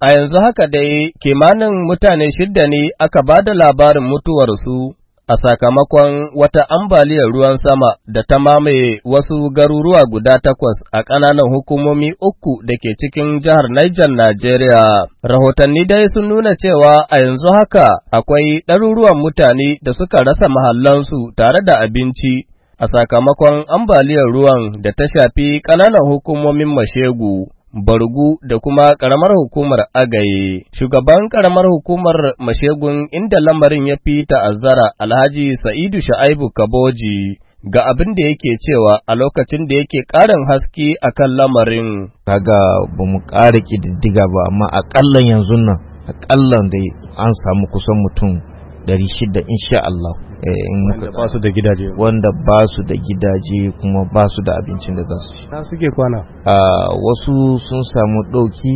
A yanzu haka dai kimanin mutane shidda ne aka ba da labarin mutuwarsu a sakamakon wata ambaliyar ruwan sama da ta mamaye wasu garuruwa guda takwas a ƙananan hukumomi uku da ke cikin jihar Niger Najeriya. Rahotanni dai sun nuna cewa a yanzu haka akwai ɗaruruwan mutane da suka rasa mahallansu tare da abinci a sakamakon ambaliyar ruwan da ta shafi ƙananan hukumomin Mashegu. Bargu da kuma ƙaramar hukumar Agaye. Shugaban ƙaramar hukumar Mashegun inda lamarin ya fi ta'azzara Alhaji Sa'idu Sha'aibu Kaboji ga abin da yake cewa a lokacin da yake ƙarin haske a kan lamarin. Kaga ba mu ƙara ƙididdiga ba, amma aƙallan yanzu nan, aƙallan dai an samu kusan mutum shida insha Allah eh, wanda ba su da gidaje wanda ba su da gidaje kuma ba su da abincin da za su ci na suke kwana ah, wasu sun samu ɗauki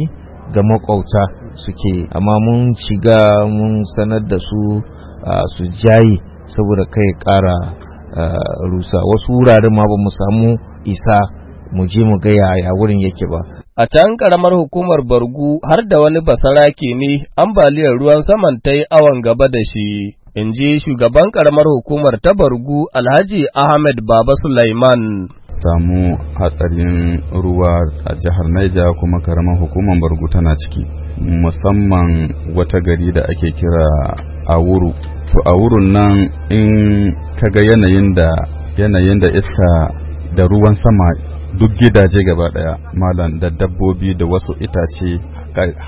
ga makwauta suke amma mun shiga mun sanar da su ah, su jayi saboda kai ƙara ah, rusa wasu wuraren ma ba mu samu isa mu je mu ga yaya wurin yake ba A can karamar hukumar Bargu har da wani basarake ne ambaliyar ruwan saman ta yi awon gaba da shi, in ji shugaban karamar hukumar ta Bargu Alhaji Ahmed Baba Sulaiman. samu hatsarin ruwa a jihar Naija kuma karamar hukumar Bargu tana ciki musamman wata gari da ake kira Awuru to Awurun nan in kaga yanayin yanayin da iska da ruwan sama duk gidaje gaba daya malam da dabbobi da wasu itace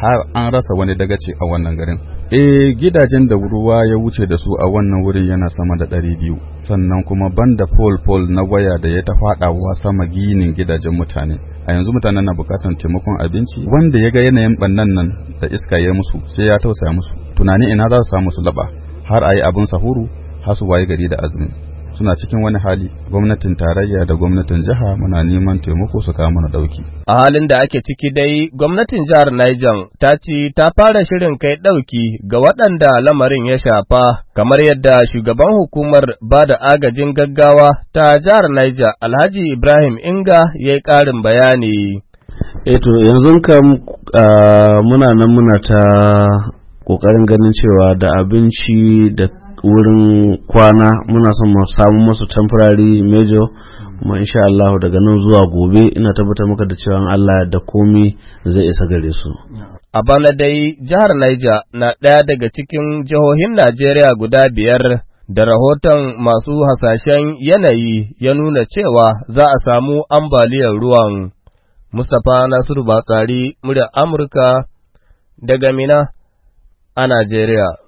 har an rasa wani daga ce a wannan garin eh gidajen da ruwa ya wuce da su a wannan wurin yana sama da ɗari biyu sannan kuma banda pole pole na waya da ya ta faɗawa sama ginin gidajen mutane a yanzu mutanen na bukatar taimakon abinci wanda ya ga yanayin bannan nan da iska ya musu sai ya tausaya musu tunani ina za su samu su laba har a yi abin sahuru har su waye gari da azumi suna cikin wani hali gwamnatin tarayya da gwamnatin jiha muna neman taimako su kawo mana dauki a halin da ake ciki dai gwamnatin jihar Niger ta ce ta fara shirin kai dauki ga waɗanda lamarin ya shafa kamar yadda shugaban hukumar ba da agajin gaggawa ta jihar Niger Alhaji Ibrahim Inga ya yi ƙarin bayani eto eh yanzu kam muna nan muna ta ƙoƙarin ganin cewa da abinci da wurin kwana muna son mu samu masu temporary major kuma insha Allah daga nan zuwa gobe ina tabbatar maka da cewa Allah da komi zai isa gare su a bana dai jihar Niger na ɗaya daga cikin jihohin Najeriya guda biyar da rahoton masu hasashen yanayi ya nuna cewa za a samu ambaliyar ruwan Mustapha Nasiru Batsari murya Amurka daga Mina a Najeriya